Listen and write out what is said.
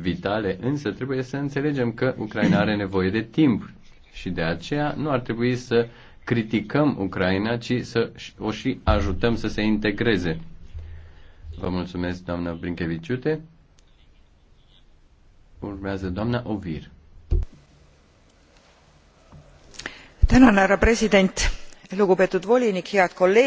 vitale, însă trebuie să înțelegem că Ucraina are nevoie de timp și de aceea nu ar trebui să criticăm Ucraina, ci să o și ajutăm să se integreze. Vă mulțumesc, doamna Brinkeviciute. Urmează doamna Ovir. Tänan, härra president, lugupeetud volinik, head kolleegid.